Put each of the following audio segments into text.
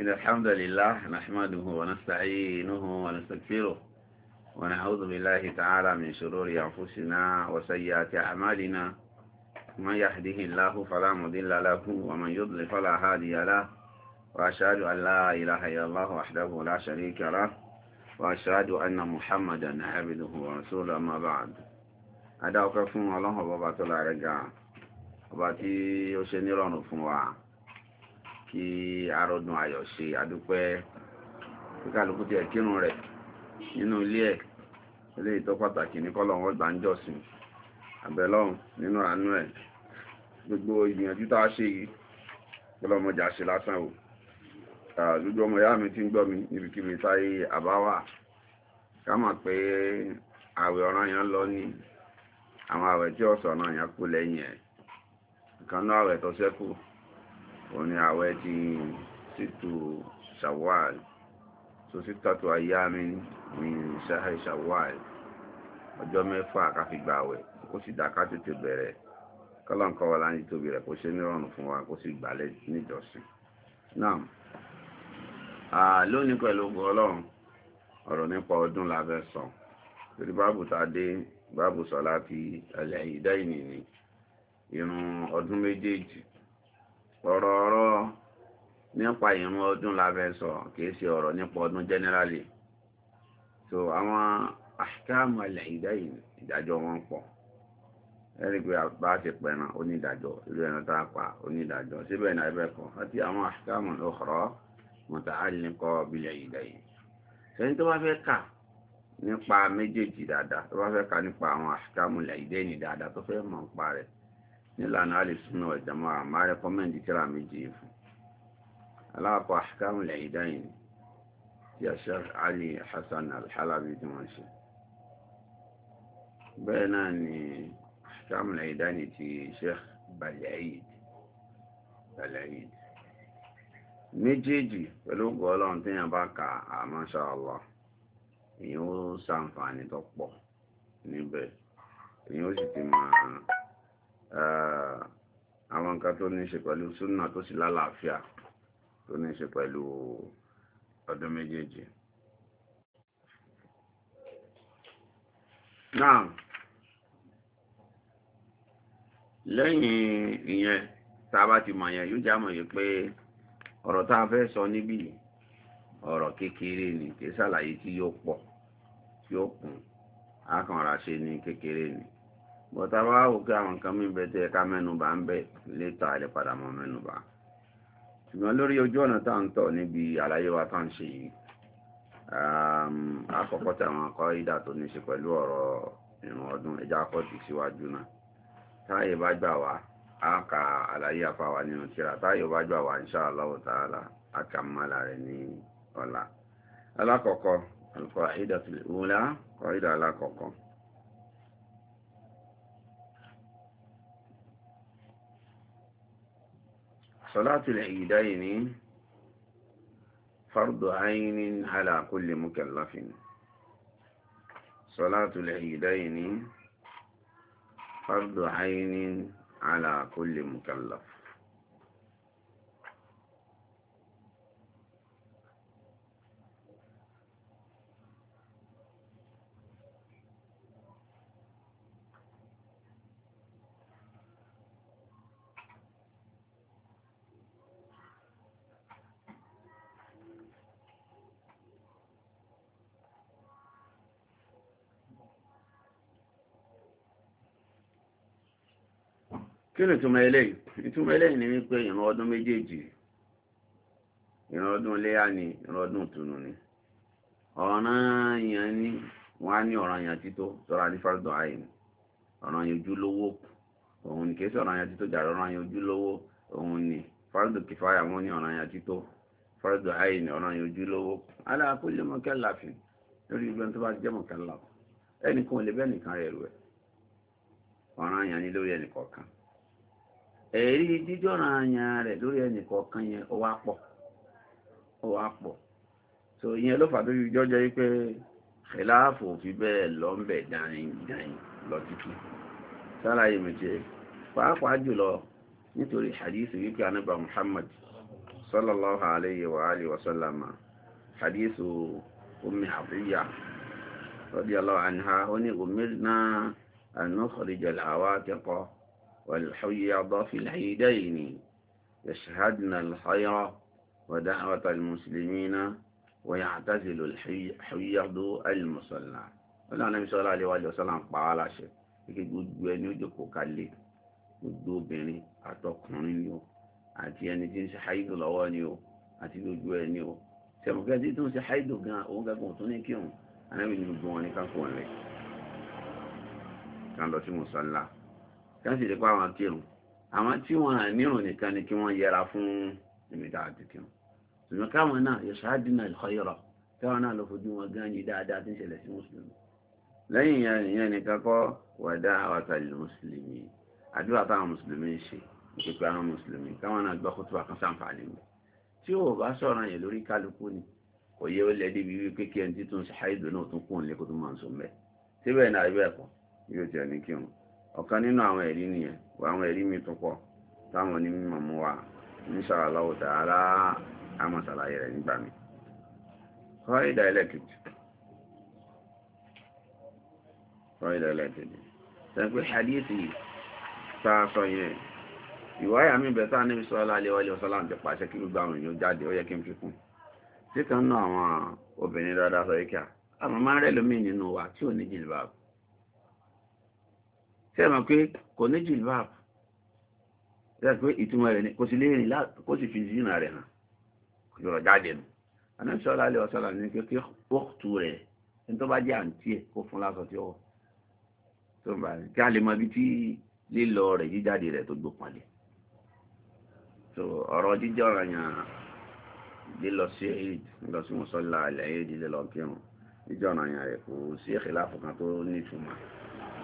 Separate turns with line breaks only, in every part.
إن الحمد لله نحمده ونستعينه ونستغفره ونعوذ بالله تعالى من شرور أنفسنا وسيئات أعمالنا من يهده الله فلا مضل له ومن يضلل فلا هادي له وأشهد أن لا إله إلا الله وحده لا شريك له وأشهد أن محمدا عبده ورسوله ما بعد أدعوك فون الله وبابا تلا رجع وباتي يوشني رانو فون kí arọ́dún ayọ̀ ṣe adúpẹ́ kíkàlùkù tiẹ̀ kírun rẹ nínú ilé e eléyìí tó pàtàkì ní kọ́lọ́hún ọgbà ń jọ̀sìn àbẹ̀lọ́hún nínú àánú gbogbo ìgbìyànjú tá a ṣe yìí ṣe lásán o gbogbo ọmọ ìyá mi ti ń mi níbikíbi táyé àbáwà ká mọ̀ pé lọ n'i àwọn tí náà yẹn kú òní àwẹ̀ ti sítò ṣàwàl tó sítàtò ayámi ní ṣáhẹ̀ ṣàwàl ọjọ́ mẹ́fà ká fi gbà àwẹ̀ ó sì dá ká tètè bẹ̀rẹ̀ kọ́lọ̀nkọ́ wọlá ní tóbi rẹ̀ kó ṣe nírọ̀rùn fún wa kó sì gbàlẹ̀ níjọsìn náà lónìí pẹ̀lú ọlọ́run ọ̀rọ̀ nípa ọdún la fẹ́ sọ torí báàbù tá a dé báàbù sọ láti ẹ̀lẹ́yìn dẹ́yìn nìyí irun ọdún méjèèjì ọ̀rọ̀ ọ̀rọ̀ nípa ìrún ọdún lábẹ́ sọ kìí ṣe ọ̀rọ̀ nípa ọdún generally so àwọn àṣìkáàmù ilẹ̀ ìdájọ́ wọn pọ̀ ẹni pé bá ti pẹ̀ràn onídàájọ́ ìlú ẹran tá a pa onídàájọ́ síbẹ̀ náà ẹbẹ̀ kan àti àwọn àṣìkáàmù ọ̀rọ̀ mọ̀tàálìkọ́ bílẹ̀ ìdáyìí sẹ́yìn tó bá fẹ́ kà nípa méjèèjì dáadáa tó bá fẹ́ kà nípa àwọn àṣìkáàmù ilẹ̀ ìdẹ́yìn dáadáa tó fẹ́ mọ̀ nípa rẹ̀ nílànà alìsúnà ọ̀jàmọ́ àmà rẹ́kọ́mẹ́ndì tíra méjì fún aláàpọ̀ àkàmù lẹ́yìndáyìn tí a ṣe alì hassan alhalabi tí wọ́n ṣe bẹ́ẹ̀ náà ni àkàmù lẹ́yìndáyìn ti ṣe balẹ̀yìn méjèèjì pẹ̀lú gọ́ọ̀lọ́n tí yàn bá ka àmọ́ṣà ọlọ́ èyí ó sàǹfààní tó pọ̀ níbẹ̀ èyí ó sì ti máa Eh, àwọn nǹkan tó ní ṣe pẹ̀lú súnà tó sì lálàáfíà tó ní ṣe pẹ̀lú ọdún méjèèjì náà lẹ́yìn ìyẹn tá a bá ti mọ̀ yẹn yóò já mọ̀ yìí pé ọ̀rọ̀ tá a fẹ́ sọ níbí ọ̀rọ̀ kékeré ni kì í ṣàlàyé tí yóò pọ̀ tí ó kún akànra ṣe ní kékeré ni bọ̀tá bá wò kí àwọn nǹkan mí bẹ tẹ ká mẹ́nubà ń bẹ létà ilẹ̀ padà mọ́ mẹ́nubà ṣùgbọ́n lórí ojú ọ̀nà tá ń tọ̀ níbi àlàyé wa tá ń ṣe yìí àkọ́kọ́ táwọn akọ́ ìdá tó ní ṣe pẹ̀lú ọ̀rọ̀ ìrùn ọdún ẹja akọ́ síwájú náà táyé bá gbà wá á ka àlàyé wa nínú صلاة العيدين فرض عين على كل مكلف صلاة العيدين فرض عين على كل مكلف kí ni ìtumọ̀ eléyìí ìtumọ̀ eléyìí ni wípé ìran ọdún méjèèjì ìran ọdún ni ìran ọdún ìtùnú ni ọ̀ràn yẹn ni wọ́n á ní ọ̀ràn yẹn tító sọ́ra ní fárídọ̀ ni ọ̀ràn yẹn ojúlówó òun ni kìí sọ̀ràn yẹn ọ̀ràn yẹn ojúlówó òun ni fárídọ̀ kìfáyà wọ́n ní ọ̀ràn yẹn tító fárídọ̀ ayé ni ọ̀ràn yẹn ojúlówó ẹ̀rí jíjọ́ràn àyàn rẹ̀ lórí ẹnì kọ̀ọ̀kan yẹn ó wá pọ̀ ó wá pọ̀ so ìyẹn ló fàdó yìí jọ́jọ́ ikpe pé ìlàáfò fi bẹ́ẹ̀ lọ ń bẹ̀ dáin dáin lọ títí sálàyé méje pàápàá jùlọ nítorí hadith wípé anábà Muhammad sallallahu alayhi wa alihi wa sallam hadith ummi Atiyya radiyallahu anha ó ní umirna والحيض في العيدين يشهدن الخير ودعوة المسلمين ويعتزل الحيض المصلى ọlọ́run náà sọ́lá aléwájú ọ̀sọ́lá ń pa á láṣẹ kíkẹ́ gbogbo ẹni ó jókòó kalẹ̀ gbogbo obìnrin àtọkùnrin ni ó àti ẹni tí ń ṣe haidu lọ́wọ́ ni ó àti gbogbo ẹni ó sẹ̀mùkẹ́ tí tó ń ṣe haidu gan òun gẹ́gùn tó ní kírun anábìnrin gbogbo wọn ní kákùn rẹ̀ kan lọ sí mùsọ́lá kásì lè pa àwọn kírun àwọn tí wọn à nírun nìkan ni kí wọn yẹra fún ìmìta àti kírun ṣùgbọ́n káwọn náà yashadina al-khayra káwọn náà lọ fojú wọn gan yìí dáadáa tí ń ṣẹlẹ̀ sí mùsùlùmí lẹ́yìn ìyẹn nìkan kọ́ wàdá àwàtàlì mùsùlùmí àdúrà táwọn mùsùlùmí ń ṣe ìpèpè àwọn mùsùlùmí káwọn náà gbọ́ kótó àkànṣàǹfààní mi tí ò bá sọ̀rọ̀ yẹn lórí kálukú ni kò yẹ ó lẹ́dí bíi wípé kí ẹni títún ṣe àìdùn náà tún kún un lé kó tó máa ń sọ mẹ́ síbẹ̀ náà ibẹ̀ kọ́ yóò jẹ́ ní kírun ọ̀kan nínú àwọn ẹ̀rí nìyẹn àwọn ẹ̀rí mi tó pọ̀ táwọn ní mímọ̀ mú wa insha Allah ta'ala àmọ́ ṣàlàyé rẹ̀ nígbà mi kọ́ìdà ẹlẹ́kejì kọ́ìdà ẹlẹ́kejì sẹ́ńpẹ́ hadithi tá a sọ ìwáyà mi bẹ̀ sáà níbi sọ́lá alẹ́ wọlé ọ̀sọ́lá ń tẹ̀pà ṣe kí gbogbo àwọn èèyàn jáde ó yẹ kí n fi kún tí àwọn obìnrin dáadáa sọ yìí àmọ́ máa rẹ̀ lómi nínú wa tí ò ní jìlbáàbù ṣe mọ̀ pé kò ní jilbab ṣe pé ìtumọ̀ rẹ̀ ni kò sì lè rìn kó sì fi zina rẹ̀ hàn kò yọ̀rọ̀ jáde nù Ànábì sallallahu alaihi wasallam ní kékeré òkùtù rẹ̀ ní tó bá jẹ́ àǹtí ẹ̀ kó fún lásọ tí ó wọ̀ tó ń bá rẹ̀ kí a lè mọ ibi tí lílọ rẹ̀ jíjáde rẹ̀ tó gbópọn lé so ọ̀rọ̀ jíjọ́ ọ̀rọ̀ yàn lílọ sí èyí lọ sí mọ̀sọ́lá ilẹ̀ èyí lílọ kírun jíjọ́ ọ̀rọ̀ yàn rẹ̀ kò sí ìkìlá fún kan tó nítumọ̀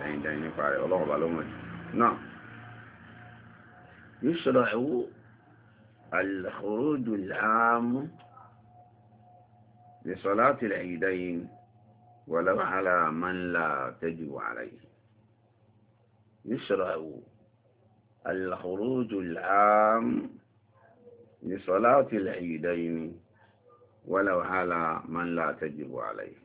dáyìndáyìn nípa rẹ̀ ọlọ́run bá ló mọ̀ jù náà yusra'u al-khuruju al-'amu li salati al-'idayn walau 'ala man la tajibu 'alayhi يشرع الخروج العام لصلاة العيدين ولو على من لا تجب عليه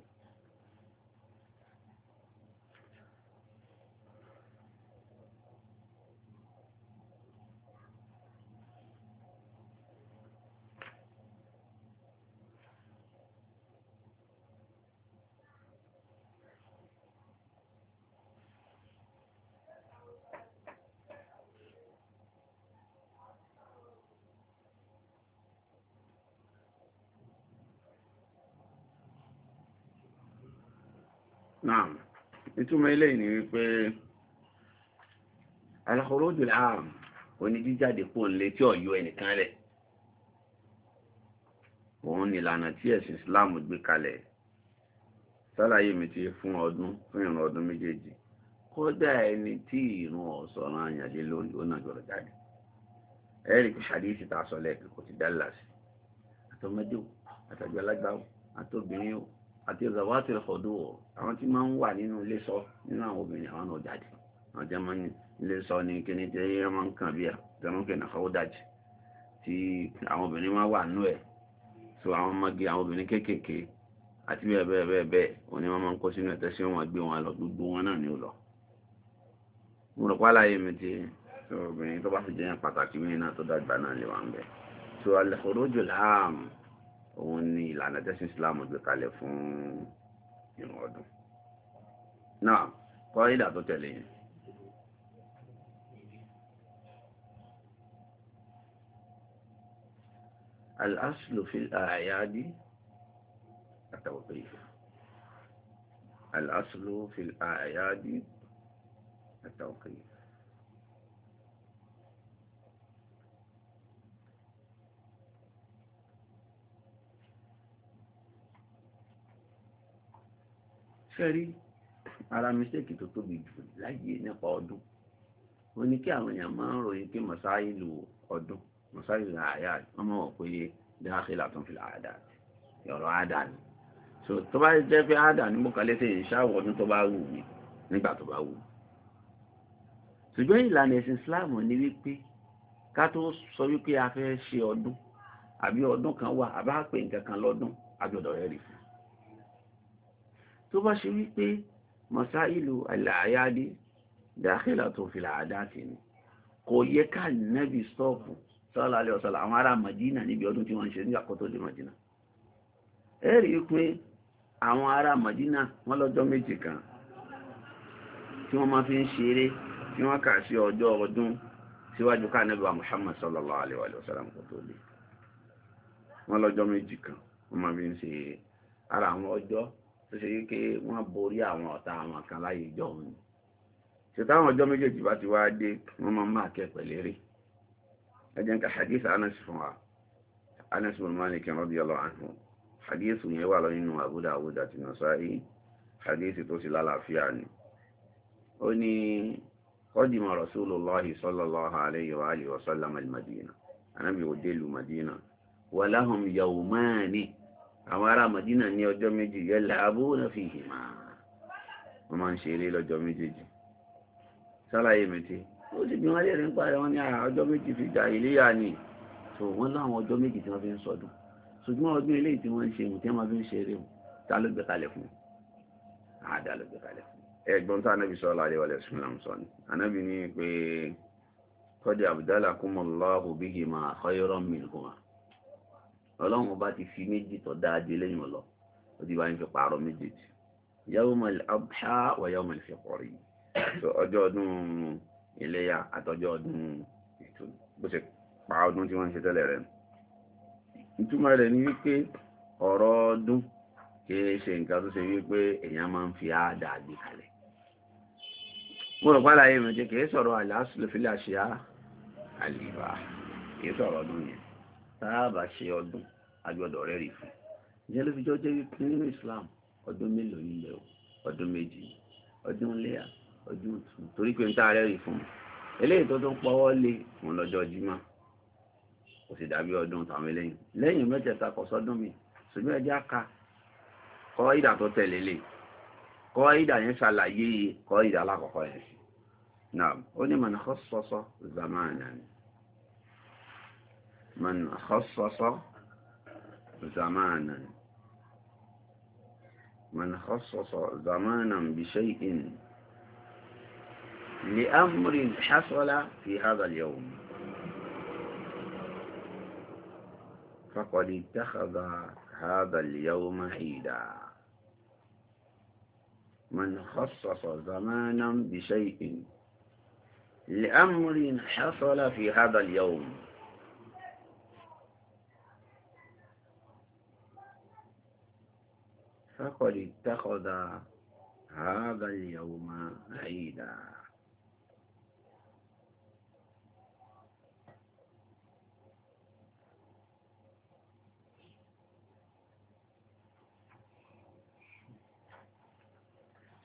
náà ìtumọ̀ ilé ìní wípé alakọ̀rọ̀jù láàrùn oní jíjáde pò ń tí ọ̀yọ́ ẹnìkan rẹ̀ òun ni ìlànà tí ẹ̀sìn Islam gbé kalẹ̀ sálàyé mi ti fún ọdún fún ọdún méjèèjì ẹni tí lónìí ó náà gbọ́dọ̀ jáde sọ lẹ́ẹ̀kan kò ti àti zawati ọ̀dọ́ àwọn tí máa ń wà nínú ilé sọ nínú àwọn obìnrin àwọn náà jáde àwọn jẹ́ máa ń ilé sọ ní kíní tí wọ́n máa ń kàn bí i tẹnukẹ́ náà kọ́wọ́ dájì tí àwọn obìnrin máa wà nú ẹ̀ so àwọn ọmọge àwọn obìnrin kéékèèké àti bẹ́ẹ̀ bẹ́ẹ̀ bẹ́ẹ̀ bẹ́ẹ̀ òní wọn máa ń kó sínú ẹ̀tẹ́ sí wọn gbé wọn lọ gbogbo wọn náà ní ò lọ. mo rò páláyé mi ti obìnrin tó bá fi jẹ́ pàtàkì mí náà tó dàgbà náà lè wà ń bẹ̀ so al-khuruj al-aam òun ni ìlànà tẹ́sí islam gbé kalẹ̀ fún ìrun ọdún náà kọ́ ìdà tó tẹ̀lé yẹn الأصل في الأعياد التوقيف الأصل في الأعياد التوقيف sẹ́rí ara mistake tó tóbi jù láyé nípa ọdún ó ní kí àwọn èèyàn máa ń ròyìn pé mọ̀sáìlù ọdún mọ̀sáìlù àyà wọ́n mọ̀ pé dáhàkìlà tó ń fi àdá ọ̀rọ̀ àdá ni so tó bá jẹ́ pé àdá ni mo kàlẹ́ sí ìṣàwọ̀ ọdún tó bá wù mí nígbà tó bá wù mí ṣùgbọ́n ìlànà ẹ̀sìn Islam ni wípé ká tó sọ wípé a fẹ́ ṣe ọdún àbí ọdún kan wà àbá pè nǹkan kan lọ́dún àbí ọ̀dọ̀ rẹ̀ rí fún tó bá ṣe wípé masáìlú àlàyádé dákìlà tó fi làádá ti ní kò yẹ ká nẹ́bí stọ́ọ̀pù sọ́lá alẹ́ ọ̀sọ́lá àwọn ará Madina níbi ọdún tí wọ́n ń ṣe ní àkọ́tọ̀ lè Madina ẹ rí i pé àwọn ará Madina wọ́n lọ́jọ́ méje kan tí wọ́n máa fi ń ṣeré tí wọ́n kà sí ọjọ́ ọdún síwájú ká nẹ́bí wa Muhammad sallallahu alaihi wa sallam tó lè wọ́n lọ́jọ́ méje kan wọ́n máa fi ń ṣe ara àwọn ọjọ́ tó ṣe wípé wọ́n borí àwọn ọ̀tá àwọn kan láyé ìjọ òun ni ṣe táwọn ọjọ́ méjèèjì bá ti wá dé wọ́n máa máa kẹ́ pẹ̀lẹ́ rí ẹ jẹ́ ká hadith anas fún wa anas bin malik radiyallahu anhu hadith yẹn wà lọ nínú Abu Dawud àti Nasa'i hadith tó sì lálàáfíà ni ó ní قدم رسول الله صلى الله عليه وآله وسلم المدينة أنا بيودي المدينة ولهم يومان àwọn ará Mọ̀dínà ní ọjọ́ méjì yẹ́lẹ̀ abúrúnà fi hìmá wọ́n máa ń ṣe eré lọ́jọ́ méjèèjì sálàyé mẹ́tí ó sì bí wọ́n lẹ́rìn pa ẹ̀wọ̀n ní ọjọ́ méjì fi jà ìléyà ni tó wọ́n láwọn ọjọ́ méjì tí wọ́n fi ń sọdún ṣùgbọ́n ọdún eléyìí tí wọ́n ń ṣe tí wọ́n fi ń ṣe eré wọn ta ló gbé kalẹ̀ fún àdá ló gbé kalẹ̀ fún ẹgbọ́n tá anábì sọ láàrin wọlé sùn làm sọ ni anábì ní pé kọ́dí abdallah kúmọ̀ lọ́hùn bíhìmá khayran minhuma ọlọ́run bá ti fi méjì tọ́ dáa ju eléyìn lọ ó ti bá ń fi pààrọ̀ méjèèjì yawmal adha wa yawmal fitri ọjọ́ ọdún iléyà àtọjọ́ ọdún ìtùnú bó ṣe pa ọdún tí wọ́n ń ṣe tẹ́lẹ̀ rẹ̀ ìtumọ̀ rẹ̀ ni wípé ọ̀rọ̀ ọdún kìí ṣe nǹkan tó ṣe wípé èèyàn máa ń fi àádà gbé kalẹ̀ mo rò pálá yìí mẹ́jẹ kìí sọ̀rọ̀ àlàáṣìlẹ̀fílẹ̀ àṣìá àlìbá kìí sọ̀rọ̀ ọdún yẹn tá ṣe ọdún agbọ́dọ̀ rẹ̀ rí fún ìyẹn ló fi jọ jẹ́ wípé nínú Islam ọdún mélòó nílẹ̀ o ọdún méjì ọdún léyà ọdún tún torí pé ń tá rẹ̀ rí fún eléyìí tó tún pọ́wọ́ lé òun lọ́jọ́ Jímọ̀ kò sì dàbí ọdún tàwọn eléyìn lẹ́yìn mẹ́tẹ̀ẹ̀ta kọ sọ́dún mi ṣùgbọ́n ẹjẹ́ ká kọ́ ìdà tó tẹ̀lé lè kọ́ ìdà yẹn ṣàlàyé kọ́ ìdà alákọ̀ọ́kọ́ yẹn sí náà ó ní mọ̀nà kọ́ sọ́sọ́ zamanan mọ̀nà kọ́ sọ́sọ́ زمانا من خصص زمانا بشيء لأمر حصل في هذا اليوم فقد اتخذ هذا اليوم عيدا من خصص زمانا بشيء لأمر حصل في هذا اليوم فقد اتخذ هذا اليوم عيدا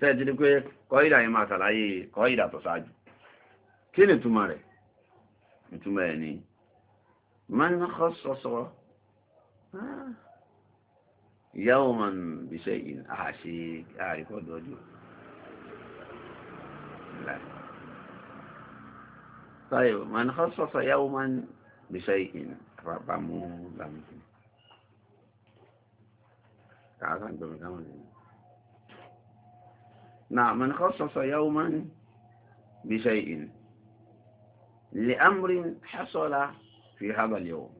sẹ́ẹ̀tì ni pé kọ́ìdà yìí máa ṣàlàyé kọ́ìdà tó ṣáájú kí ni túmọ̀ rẹ̀ ìtumọ̀ ẹ̀ ni man khassasa يوما بشيء أعشيك أعرف آه، وجه لا طيب من خصص يوما بشيء رقمه لم ممكن إيه؟ نعم من خصص يوما بشيء لأمر حصل في هذا اليوم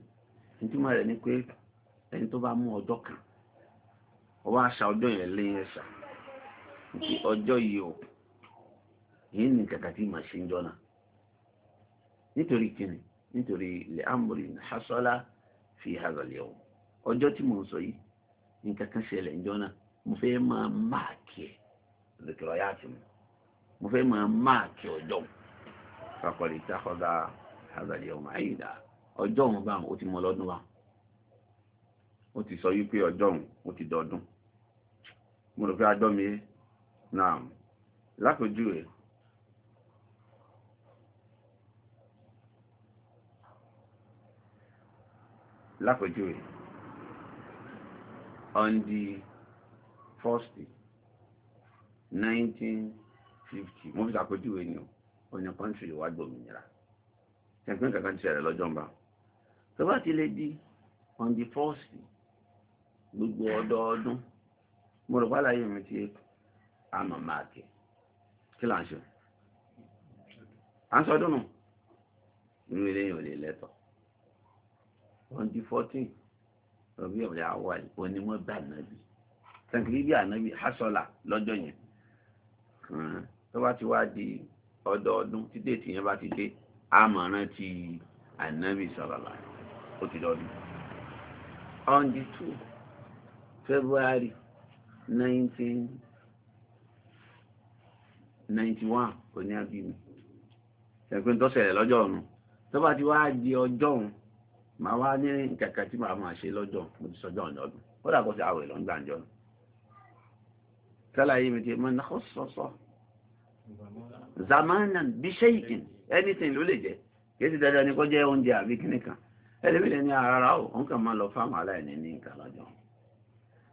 انتم ما نقول انتم بقى مو دوكا ó wá ọjọọ ọjọ́ yẹn lẹ́yìn ẹ̀ṣà ní ọjọ́ yìí o yìí ní kàkà tí màá ṣe ń jọ́nà nítorí kíni fi ọjọ́ tí mò ń sọ yìí ṣẹlẹ̀ ń jọ́nà mo fẹ́ máa máàkì ẹ̀ àti mo fẹ́ máa máàkì ọjọ́ ọjọ́ báwọn ó ti mọ lọ́dún wa ó ti sọ mo rò pé agbọ́mi náà lápòjú rẹ̀ lápòjú rẹ̀ on the first 1950 mo fi sàpòjú rẹ̀ ni o ọ̀nà kọ́ntì wà gbòmìnira ẹgbẹ́ kankan ti ṣẹlẹ̀ lọ́jọ́ mbà tó bá ti lè di on the first gbogbo ọdọọdún mo rò bá láyé mi tí àmọ̀ máa kì kí là ń ṣe à ń sọdún nù inú ilé yìí ò lè lẹ́tọ̀ twenty fourteen rọ̀bí ọ̀rẹ́ àwa onímọ̀ bá ànábì tẹ̀kìlì bí ànábì hásọ̀là lọ́jọ́ yẹn tó bá ti wá di ọdọọdún tí déètì yẹn bá ti dé àmọ̀ràn ti ànábì sọ̀rọ̀lá ó ti dọ́dún on the two February 1991 kò ní àbí mi ṣẹ̀gbọ́n tó ṣẹlẹ̀ lọ́jọ́ ọ̀run tó bá ti wá di ọjọ́ ọ̀run màá wá ní kẹ̀kẹ́ tí màá máa ṣe lọ́jọ́ mo ti sọjọ́ ọ̀dọ́dún ó dàgbọ́ sí àwẹ̀ lọ́ngbà ń jọnu sálàyé mi ti mọ náà ó sọ́sọ́ zamanan bí ṣéyìkìn anything ló lè jẹ kìí ti dandan ni kó jẹ oúnjẹ àbí kíníkan ẹlẹ́mìlẹ́ ní ara rà ó òun kàn máa lọ fáwọn aláìní ní nǹkan lọ́jọ́ ọ̀run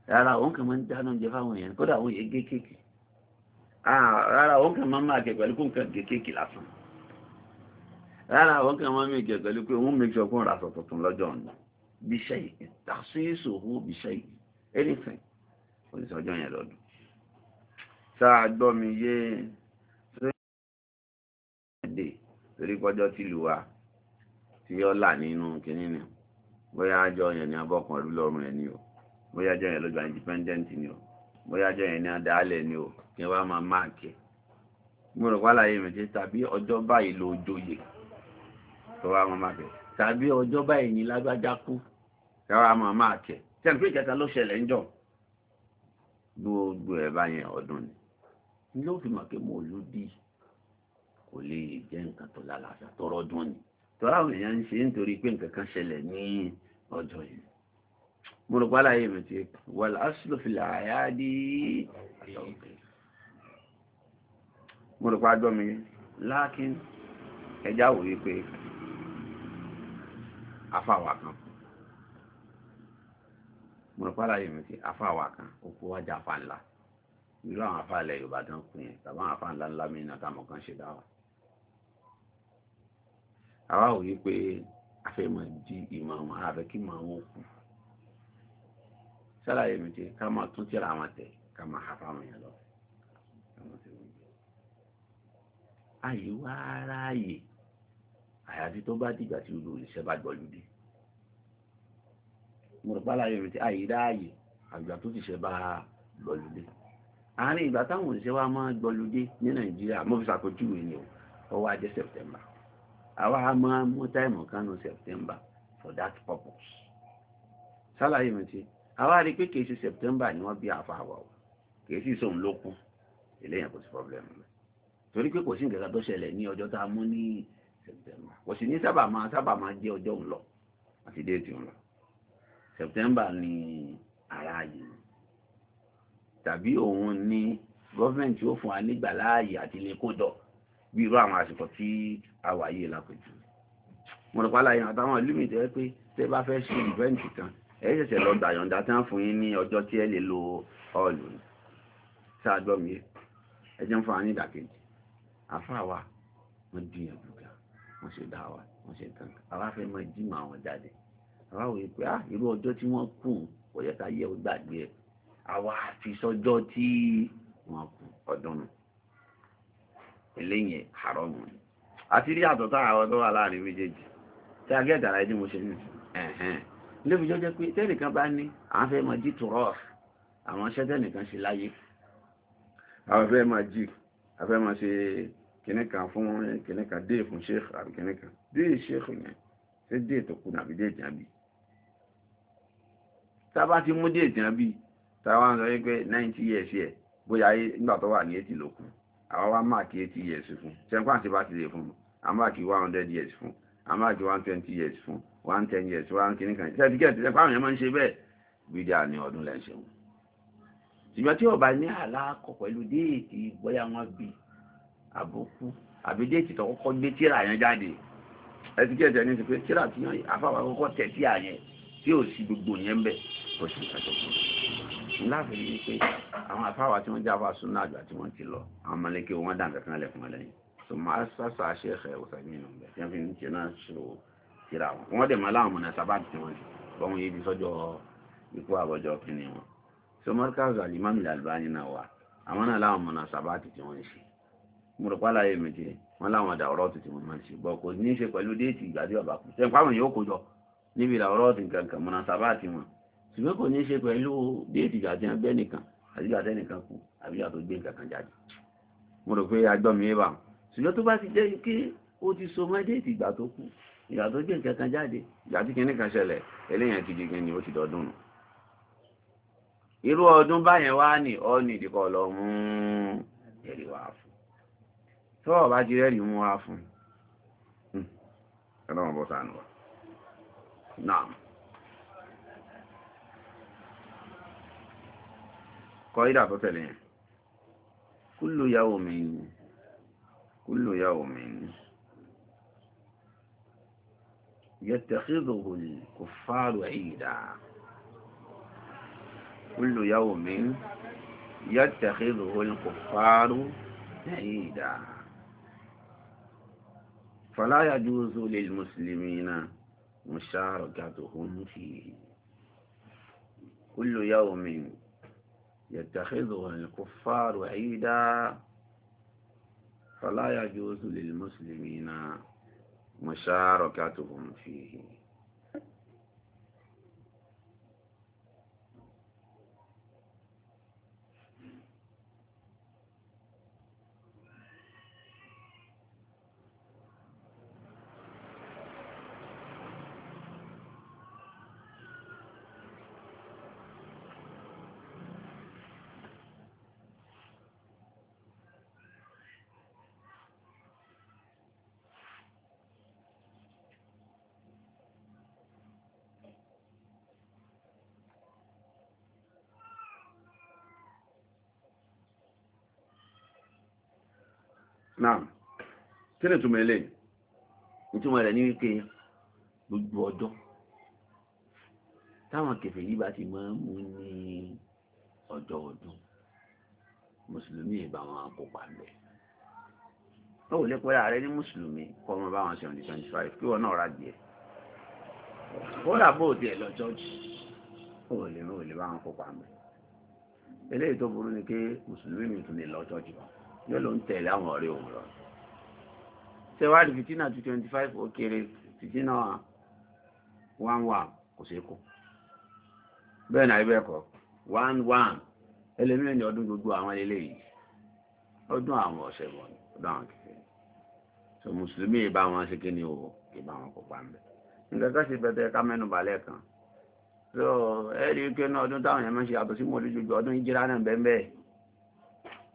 rárá òun kàn máa ń dáná oúnjẹ fáwọn èèyàn kódà òun yẹn gé kéèkì rárá òun kàn máa ń máa gẹ pẹ̀lú kóun kàn gé kéèkì lásán rárá òun kàn máa ń mèjì pẹ̀lú pé òun mèjì ọkùnrin ràṣọ tuntun lọ́jọ́ ọ̀nà bíṣẹ́ yìí tàṣíṣò owó bíṣẹ́ yìí anything kò ní sọjọ́ yẹn lọ́dún sáà gbọ́ mi yé sóyè torí pọ́jọ́ tí lù wá tí yọ́ là nínú kínní ni bóyá àjọ yẹn ni abọ́kùnrin lọ́rùn ẹ̀ ní o bóyá jọ yẹn lọ́jọ́ independent ni o bóyá jọ yẹn ní adáálẹ̀ ni o kí wọ́n máa máàkì mo rò wálá yìí mẹ́tẹ́ tàbí ọjọ́ báyìí ló joyè tó wá máa máàkì tàbí ọjọ́ báyìí ní lágbájá kú kí wọ́n máa máàkì tẹ́lẹ̀ pé ìkẹta ló ṣẹlẹ̀ ń jọ gbogbo ẹ̀ bá ọdún ni ni ló fi mọ̀ pé mo kò lè jẹ́ nǹkan tó lálàáfíà tọrọ dún ni tọ́lá àwọn èèyàn ń ṣe nítorí pé nǹkan kan ṣẹlẹ̀ ní ọjọ́ yìí gbogbo aláyé mi ti wà lásìlò fi làyà dí gbogbo àjọ mi lákín ẹjá wò wípé afáwà kan gbogbo aláyé mi ti afáwà kan òkú wájà afá ńlá irú àwọn afá ilẹ̀ Yorùbá tán kú yẹn tàbí àwọn afá ńlá mi náà táwọn kan ṣe dáwà àwa wò wípé afẹ́ mọ̀ di ìmọ̀ àwọn afẹ́ kí mọ̀ àwọn òkú sálàyé mi ti ká máa tún tíra àwọn tẹ̀ ká máa ha fáwọn èèyàn lọ. ààyè wá ráàyè àyàfi tó bá dìgbà tí olú ìṣẹ́ bá gbọ́jú dé mo rò pálàyé mi ti ààyè ráàyè àgbà tó ti ṣe bá gbọ́jú dé àárín ìgbà táwọn òṣìṣẹ́ wa máa gbọ́jú dé ní nàìjíríà mo fi ṣàpèjúwe ni o ọwọ́ ajé september àwa a máa mú táìmù kánú september for that purpose sálàyé mi ti àwa rí pé kèsì September ni wọ́n bí àfàwà o kèsì sóun ló kú eléyàn kò sí problem rẹ̀ torí pé kò sí nǹkan tó ṣẹlẹ̀ ní ọjọ́ tá a mú ní September kò sì ní sábà máa sábà máa jẹ́ ọjọ́ òun lọ àti déètì òun lọ September ni ara yìí tàbí òun ni gọ́fẹ̀ntì ó fún wa nígbà láàyè àti ilé kódọ̀ bí irú àwọn àsìkò tí a wà yìí lápẹjù mo rò àtàwọn ìlú mi tẹ́ pé tẹ́ bá fẹ́ ṣe ìvẹ́ǹtì kan ẹ ṣẹ̀ṣẹ̀ lọ gbàyọ̀ǹda tán fún yín ní ọjọ́ tí ẹ lè lo ọ̀ọ̀lù sáàgbọ́ mi ẹ jẹ́ ń fún wa ní ìdàkejì àfáà wa wọ́n gbìyànjú ga wọ́n ṣe dá wa wọ́n ṣe tán àwa fẹ́ mọ ìdímọ̀ àwọn jáde àwa wòye pé ah irú ọjọ́ tí wọ́n kù kò yẹ ká yẹ ó gbàgbé ẹ̀ àwa fi sọ́jọ́ tí wọ́n kù ọdún nù eléyìn àrọ́mù ni àti rí àtọ̀tọ̀ àwọn tó wà láàrin méjèèjì tí a gẹ́ẹ̀tà ara lébi jọ́jọ́ pé tẹ́nìkan bá ní àwọn fẹ́ máa jí tòrọ́ọ̀f àwọn iṣẹ́ tẹ́nìkan ṣe láyé àwọn fẹ́ máa jí àfẹ́ máa ṣe kìnnìkan fún kìnnìkan dé fún sheikh àbí kìnnìkan dé sheikh yẹn ṣé dé tó kù nàbí dé ìjàmbí tá a bá ti mú dé ìjàmbí tá a wá ń sọ pé ninety years yẹ bóyá nígbà tó wà ní eighty ló kù àwọn wá máàkì eighty years fún ṣẹ́ńkọ́ àti bá ti lè fún àmáàkì one hundred years fún àmáàkì one twenty years fún one ten years one kìíní kan ṣe ti gẹ̀ẹ́tì lẹ́pọ̀ àwọn èèyàn máa ń ṣe bẹ́ẹ̀ bídíà ní ọdún lẹ́ ń ṣe wọn. ṣùgbọ́n tí ọba ní àlàkọ pẹ̀lú déètì bóyá wọn bí àbókú àbí déètì tó kọ́kọ́ gbé tíra yẹn jáde ẹ ti gẹ̀ẹ́tì ẹni ti pé tíra tí yàn àfàwà kọ́kọ́ tẹ̀ sí àyẹn tí ò sí gbogbo yẹn bẹ́ẹ̀ ó sì ń kájọ fún un. láàfin ni pé àwọn àfàwà tí wọ́n já fa súnà àgbà tí wọ́n ti lọ àwọn mọ̀lẹ́kẹ́ wọn dà nǹkan kan lẹ̀kùn lẹ́yìn. sọ ma ṣàṣà ṣe é xẹ́ òsàmì nù bẹ́ẹ̀ yẹn fi ń tiẹ̀ náà ṣòro síra wọn wọ́n dẹ̀ máa láwọn ọmọ náà sábà tí wọ́n ṣe bọ́n yé bí sọ́jọ́ ikú àbọ̀jọ́ kí ni wọn so markaz alimami albani náà wà àwọn náà láwọn ọmọ náà sábà tí wọ́n ṣe mo rò pálá yé méje wọn láwọn ọ̀dà ọ̀rọ̀ tuntun wọn máa ń ṣe bọ́ kò ní í ṣe pẹ̀lú déètì ìgbà tí bàbá kú sẹ́ńpá àwọn yóò kójọ níbi ìlà ọ̀rọ̀ nǹkan kan mọ̀nà sábà tí wọn ṣùgbọ́n kò ní í ṣe pẹ̀lú déètì ìgbà tí wọ́n gbẹ́ nìkan àbí ìgbà tẹ́nìkan kú àbí ìgbà tó gbé nǹkan kan jáde mo rò pé agbọ́n mi bá wọn ṣùgbọ́n tó bá ti jẹ́ pé ó ti so mọ́ déètì ìgbà tó kú ìgbà tó gbé nǹkan kan jáde ìgbà tí kinní kan ṣẹlẹ̀ eléyàn ti di kinní ó ti dọdún nù irú ọdún báyẹn wá ní ọ ní ìdíkọ lọ mú ẹ̀rí wá fún tó ọba ti rẹ́rìí mú wá fún ẹlọ́wọ̀n bọ́ sànù wa náà kọ ìdà tó tẹ̀lé yẹn kúlù yawmin kúlù yawmin. يتخذه الكفار عيدا كل يوم يتخذه الكفار عيدا فلا يجوز للمسلمين مشاركتهم فيه كل يوم يتخذه الكفار عيدا فلا يجوز للمسلمين mọ̀ṣáàrọ̀ kí a tó fún náà kí ni túnmọ̀ eléyìí ìtumọ̀ rẹ̀ ní wípé gbogbo ọjọ́ táwọn kẹfẹ́ yìí bá ti máa ń mú ní ọjọ́ ọdún mùsùlùmí ìbá wọn kópa bẹ́ẹ̀ ó lè pẹ́ ààrẹ ní mùsùlùmí kọ́ ọmọ bá wọn ṣe ọ̀nì 25 kí wọn náà rà díẹ̀ kódà bó tiẹ̀ lọ jọ́ọ̀jì ó lè mú ìlú bá wọn kópa bẹ́ẹ̀ eléyìí tó burú ni pé mùsùlùmí mi tún lè lọ jọ́ọ̀jì wọn yóò ló ń tẹ̀lé àwọn ọ̀rẹ́ òun lọ sẹwáàdì fìtínà two twenty five ó kéré fìtínà one one kò ṣeé kó bẹ́ẹ̀ náà ibẹ̀ kọ́ one one ẹlẹ́mìíràn ní ọdún gbogbo àwọn eléyìí ọdún àwọn ọ̀sẹ̀ bọ̀ ni ọdún àwọn kẹfẹ́ so mùsùlùmí ìbá wọn ṣe kí ni o ìbá wọn kò pa ń bẹ̀ nígbà kan sì bẹ̀tẹ̀ ká mẹ́nu balẹ̀ kan so ẹ̀rí pé ní ọdún táwọn yẹn máa ń ṣe àtọ̀sí mọ́lódójú ọdún ìjírá náà bẹ́ẹ̀ bẹ́ẹ̀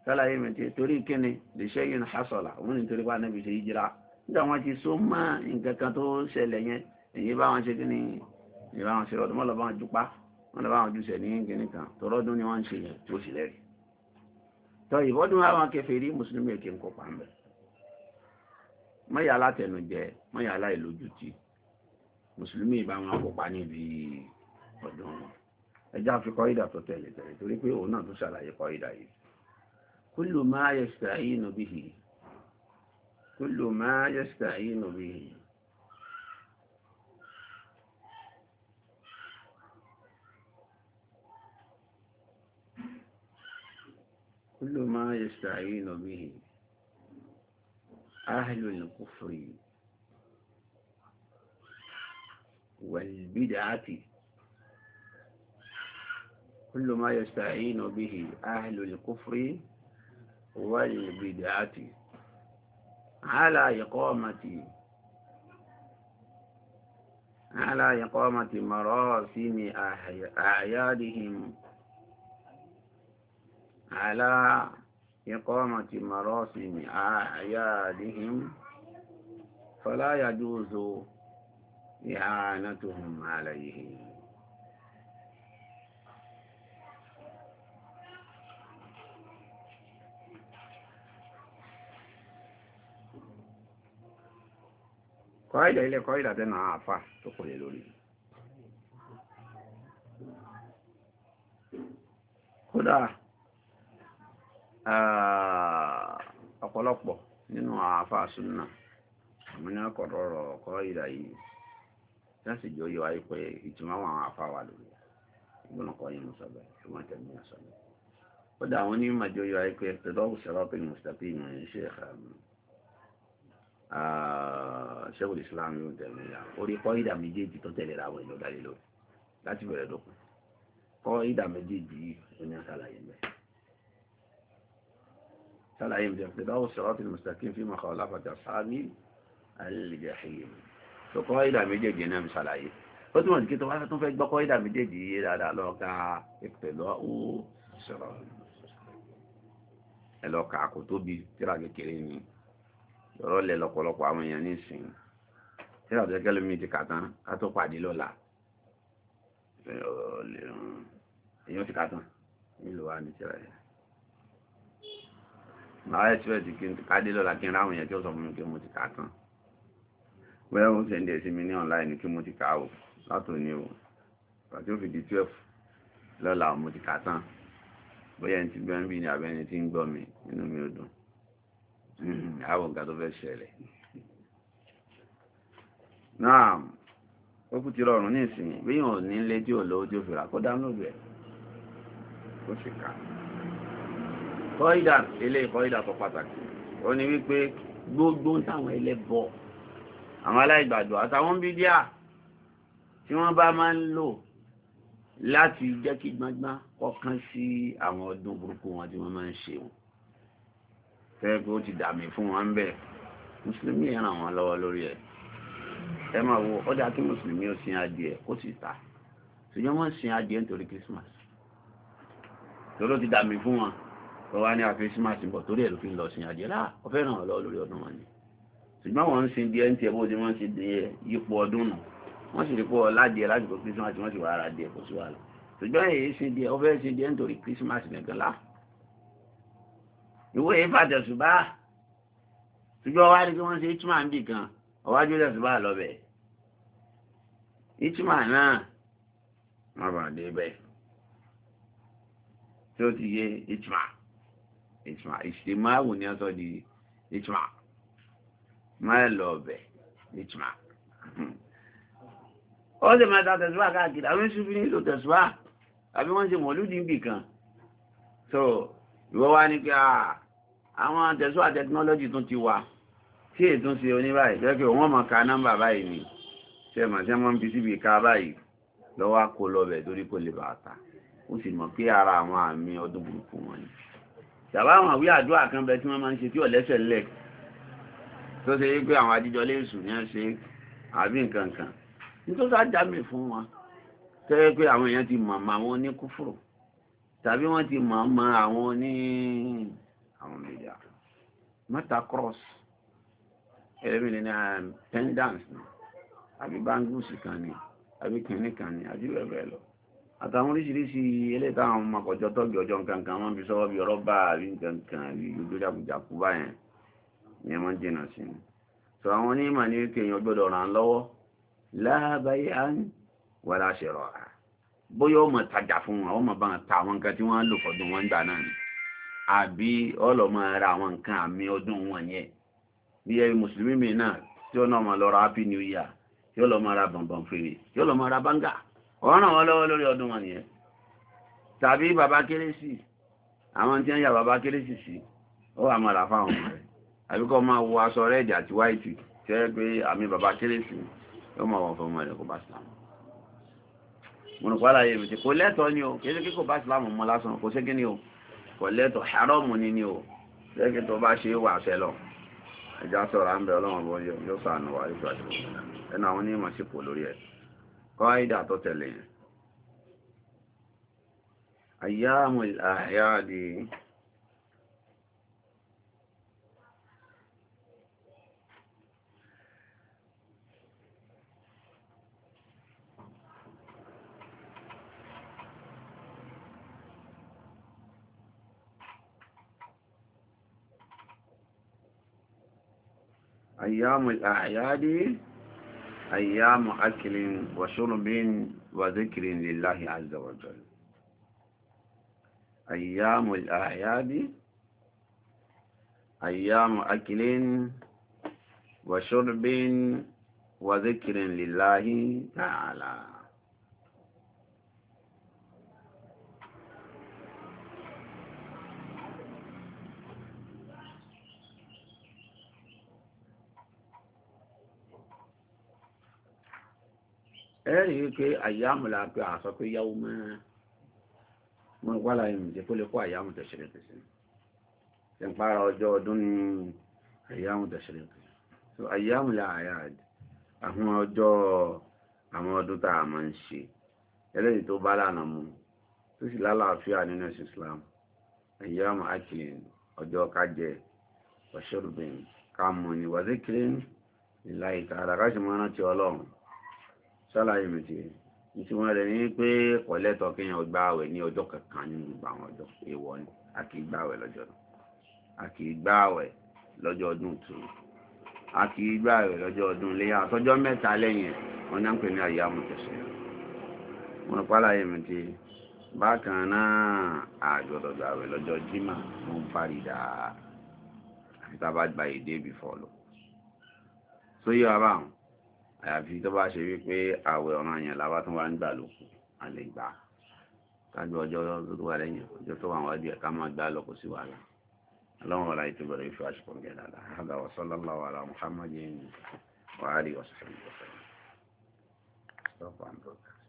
sálàyé mẹ́tẹ́ torí kíni lè ṣẹ́yìn hasọ̀là òun ní torí bá níbi ṣe yíjira nígbà wọn ti so mọ́ nǹkan kan tó ṣẹlẹ̀ yẹn èyí bá wọn ṣe kíni èyí bá wọn ṣe rọdún mọ́lọ́ bá wọn jupá wọn lọ bá wọn jùṣẹ̀ ní kíni kan tọrọdún ni wọ́n ń ṣe yẹn tó sì lẹ́rì tọ ìbọ́dún àwọn kèfèrí mùsùlùmí èké ń kópa ń bẹ̀ mọ́yà alátẹnujẹ mọ́yà aláìlójútì mùsùlùmí ìbá wọn kópa níbi ọdún wọn ẹjá fi kọ́ ìdà tó tẹ̀lé tẹ̀lé torí pé òun náà tó ṣàlàyé kọ́ yìí كل ما يستعين به كل ما يستعين به كل ما يستعين به أهل الكفر والبدعة كل ما يستعين به أهل الكفر والبدعة على إقامة على إقامة مراسم أعيادهم على إقامة مراسم أعيادهم فلا يجوز إعانتهم عليهم kọ́ ìdà ilé kọ́ ìdà tẹ́nà àfà tó kò lè lórí kódà ọ̀pọ̀lọpọ̀ nínú àfà súnà àmì ní ọkọ̀rọ̀ kọ́ ìdà yìí láti jọ yọ ayé pé ìtumọ̀ àwọn àfà wà lórí ìgbónà kọ́ yìí mùsọ̀bẹ̀ ìwọ̀n tẹ̀lé mùsọ̀bẹ̀ kódà àwọn onímọ̀ jọ yọ ayé pé tẹ̀lọ́wù sọ̀rọ̀ ṣẹ́gun ah, islam yóò tẹ̀lé ya orí kọ́ ìdá méjèèjì tó tẹ̀lé ra àwọn èèyàn dalé lọ láti bẹ̀rẹ̀ dókun kọ́ ìdá méjèèjì yìí ó ní àṣàlàyé ń bẹ̀. ṣàlàyé ń bẹ̀ pé dáwọ́ siratil mustaqim fi mukhalafati ashabi al-jahim tó kọ́ ìdá méjèèjì náà ń ṣàlàyé ó túmọ̀ nígbà tó wá tó fẹ́ gbọ́ kọ́ ìdá méjèèjì yìí dáadáa lọ́ka ìpẹ̀lọ́ ó sọ̀rọ̀ sọ̀rọ̀ lẹ̀ lọ́pọ̀lọpọ̀ àwọn èèyàn ní ìsìn tí àti ẹgbẹ́ lómi ti kà tán ká tó pàdé lọ́la èèyàn ti kà tán nílò wa ní tìrẹ̀ màá ẹ̀sìpẹ̀ tí kí n ti kádé lọ́la kí n ráwọn èèyàn tí ó sọ fún mi kí mo ti kà tán bẹ́ẹ̀ ó sẹ́ndẹ̀ sí mi ní ọ̀nláìní kí mo ti kà ó látòní o pàtó fi di twelve lọ́la mo ti kà bóyá ẹni tí gbẹ́ ń bí ni àbẹ́ni tí ń gbọ́ mi inú mi ò dùn àwọn nǹkan tó fẹ́ ṣẹlẹ̀ náà ó kú ti rọrùn ní ìsìn bí yóò ní ilé tí ò lówó tí ó fìrà kó dánlóòdù ẹ̀ kó sì ká kọ́ìdà ilé kọ́ìdà tó pàtàkì ó ní wípé gbogbo táwọn ilé bọ̀ àwọn aláìgbàdo àtàwọn bídíà tí wọ́n bá máa ń lò láti jẹ́ kí gbangba kọ́kán sí àwọn ọdún burúkú wọn tí wọ́n máa ń ṣe wọn tẹ́ẹ̀kọ́ ti dàmì fún wọn bẹ́ẹ̀ mùsùlùmí ràn wọn lọ́wọ́ lórí ẹ̀ ẹ máa wo ọjà kí mùsùlùmí ó sin adìẹ kó sì ta ṣùgbọ́n wọ́n sin adìẹ nítorí Christmas tòró ti dàmì fún wọn tó wá ní Christmas bọ̀ torí ẹ̀ ló fi ń lọ sin adìẹ láà ó fẹ́ ràn wọn lọ́wọ́ lórí ọdún wọn ni ṣùgbọ́n wọ́n ń sin díẹ̀ ní tiẹ̀ bó ti wọ́n ti di yípo ọdún nù wọ́n sì rí pọ̀ ládìẹ lásìkò Christmas wọ́n sì wá ara díẹ̀ kó sí wa lọ ṣùgbọ́n èyí sin díẹ̀ ó sin díẹ̀ nítorí Christmas nìkan láà ìwé ìfàtẹ̀sùbá ṣùgbọ́n wá rí kí wọ́n ṣe ìtumà ń bì kan ọwájú tẹ̀sùbá lọ́bẹ̀ ìtumà náà má bà dé bẹ́ẹ̀ tí ó ti yé ìtumà ìtumà ìṣèmáwò ni a sọ di ìtumà má lọ ọbẹ̀ ìtumà ó sì máa ta tẹ̀sùbá káàkiri àwọn ìṣubú nílò tẹ̀sùbá àbí wọ́n ṣe mọ̀lúdì ń bì kan so ìwọ wá ní pé ah, àwọn tẹ̀síwá tẹkinọ́lọ́jì tún ti wà tí ètún ṣe oníbáyìí jẹ́ pé wọ́n mọ̀ ká nọ́mbà báyìí ni ṣe mọ̀ ṣe mọ́ ń fi síbi ká báyìí lọ́wọ́ kó lọ́bẹ̀ torí kò lè bàtà ó sì mọ̀ pé ara àwọn àmì ọdún burúkú wọn ni ṣàbá àwọn àwí àdúrà kan bẹ tí wọ́n máa ń ṣe tí ọ̀lẹ́sẹ̀ lẹ̀ tó ṣe pé àwọn adíjọ léṣù ni wọ́n ṣe àbí nǹkan kan nítorí àjámì fún wọn tẹ́ pé àwọn èèyàn ti mọ̀ màwọn oníkúfùrù tàbí wọ́n ti mọ̀ mọ́ àwọn ní àwọn mẹ́jà mẹ́ta cross ẹlẹ́mìnì ní um, pendants ni àbí bangles kan ni àbí kìnní kan ni àbí bẹ́ẹ̀ bẹ́ẹ̀ lọ àtàwọn oríṣiríṣi eléyìí táwọn ọmọkọ̀jọ́ tọ́jú ọjọ́ nǹkan kan wọ́n fi sọ́wọ́ bí rọ́bà àbí nǹkan kan àbí ojú jàkújàkú báyẹn ni wọ́n jìnnà sí ni sọ àwọn onímọ̀ ní kéèyàn gbọ́dọ̀ ràn án lọ́wọ́ láàbáyé án wà láṣẹ̀rọ̀ àá bóyá ó mọ̀ tajà fún wọn ó mọ̀ bá ta àwọn nǹkan tí wọ́n lò fọdún wọn gbà náà ni àbí ọlọ́ mọ̀ ra àwọn nǹkan àmì ọdún wọn yẹn bí ẹ mùsùlùmí mi náà tí ó náà mọ̀ lọ ra happy new year tí ó lọ mọ̀ ra bọ̀m̀bọ̀m fèrè tí ó lọ mọ̀ ra báńgà ọ̀ràn wọn lọ́wọ́ lórí ọdún wọn nìyẹn tàbí bàbá kérésì àwọn tí wọ́n ya bàbá kérésì sí ó wà mọ̀ ra fáwọn ọmọ rẹ̀ àbí kọ́ máa wọ aṣọ rẹ́ẹ̀dì àti wáìtì tẹ́ pé àmì bàbá kérésì ó máa wọ̀ fún ọmọ rẹ̀ kó bá sàmù mọ̀nùpàlà yẹn mìtì kò lẹ́tọ̀ ni o kìí ṣe kíkò bá ìsìlámù mọ́ lásán kò ṣe kí ni o kò lẹ́tọ̀ haramu ni ni o lẹ́kì tó bá ṣe wà fẹ́ lọ ẹja sọ̀rọ̀ à ń bẹ ọlọ́run bọ́ yóò sànù wà yóò gbàjú ẹnu àwọn onímọ̀ sí kò lórí ẹ̀ kọ́ àìdá tó tẹ̀lé yẹn ayyamu al-ahyadi أيام الأعياد أيام أكل وشرب وذكر لله عز وجل أيام الأعياد أيام أكل وشرب وذكر لله تعالى ẹ̀rí wípé àyàmù la pé àsọ pé yáwó mọ́ mọ́ wálá ìmìtì kó lè kó àyàmù tẹ̀sẹ̀rẹ̀ tẹ̀sẹ̀ ṣe ń para ọjọ́ ọdún ní àyàmù tẹ̀sẹ̀rẹ̀ so àyàmù la àyàd àwọn ọjọ́ àwọn ọdún tá a máa ń ṣe eléyìí tó bá lànà mu tó sì lálàáfíà nínú ẹ̀sìn Islam àyàmù akilin ọjọ́ kájẹ ọ̀ṣọ́rùbìn kámúni wàdíkìrín ìlà ìtàràkàṣì mọ́ná ti ṣàlàyé mi ti ìtumọ̀ rẹ̀ ní pé ọ̀lẹ́tọ̀ kéèyàn gbààwẹ̀ ní ọjọ́ kankan nínú gbà àwọn ọjọ́ èèwọ̀ ni a kì í gbààwẹ̀ lọ́jọ́ náà a kì í gbààwẹ̀ lọ́jọ́ ọdún tòun a kì í gbààwẹ̀ lọ́jọ́ ọdún léyà àtọ́jọ́ mẹ́ta lẹ́yìn wọn náà ń pè ní àyà mọ̀tẹ̀sẹ̀ wọn pàlàyé mi ti bákan náà àgbọ̀dọ̀ gbààwẹ̀ lọ́jọ́ jimá ló ń parí dáa àti tá a bá gba èdè bìfọ́ lọ sóyè wa báwọn àyàfi tó bá ṣe wípé àwẹ̀ ọ̀ràn yẹn làwa tó wá ń gbà lóko a lè gbà kájú ọjọ́ tó wà lẹ́yìn ọjọ́ tó wà wájú ẹ̀ ká máa gbà lọ kó sí wàhálà اللهم لا يتبر في عشق الجلال هذا وصلى الله على محمد وعلي